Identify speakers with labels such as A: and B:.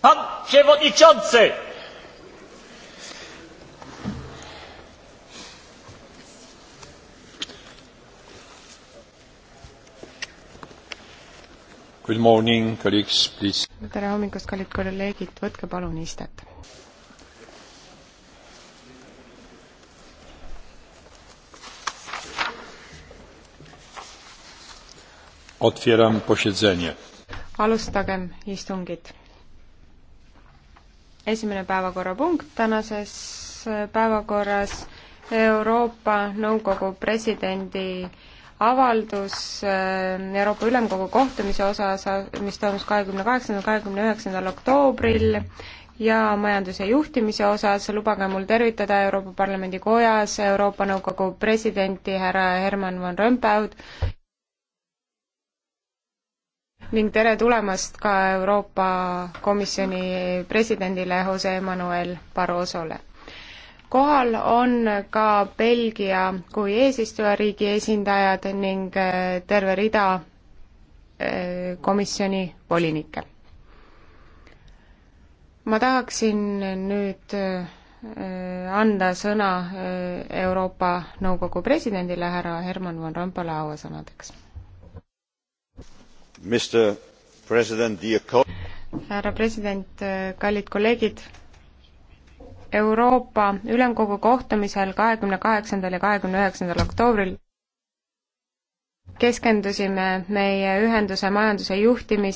A: Pan przewodniczący! Good morning, colleagues, please. tere hommikust, kallid kolleegid, võtke palun istet. Otwieram posiedzenie. Alustagem istungit esimene päevakorrapunkt tänases päevakorras Euroopa Nõukogu presidendi avaldus äh, Euroopa Ülemkogu kohtumise osas, mis toimus kahekümne kaheksandal, kahekümne üheksandal oktoobril ja majanduse juhtimise osas lubage mul tervitada Euroopa Parlamendi kojas Euroopa Nõukogu presidenti härra Herman Van Rompuyd ning tere tulemast ka Euroopa Komisjoni presidendile Jose Manuel Barrosole. kohal on ka Belgia kui eesistujariigi esindajad ning eh, terve rida eh, komisjoni volinikke. ma tahaksin nüüd eh, anda sõna Euroopa Nõukogu presidendile härra Herman Van Rompuy lauasõnadeks härra president kallid kolleegid euroopa ülemkogu kohtumisel kahekümne kaheksandal ja kahekümne üheksandal oktoobril keskendusime meie ühenduse majanduse juhtimisele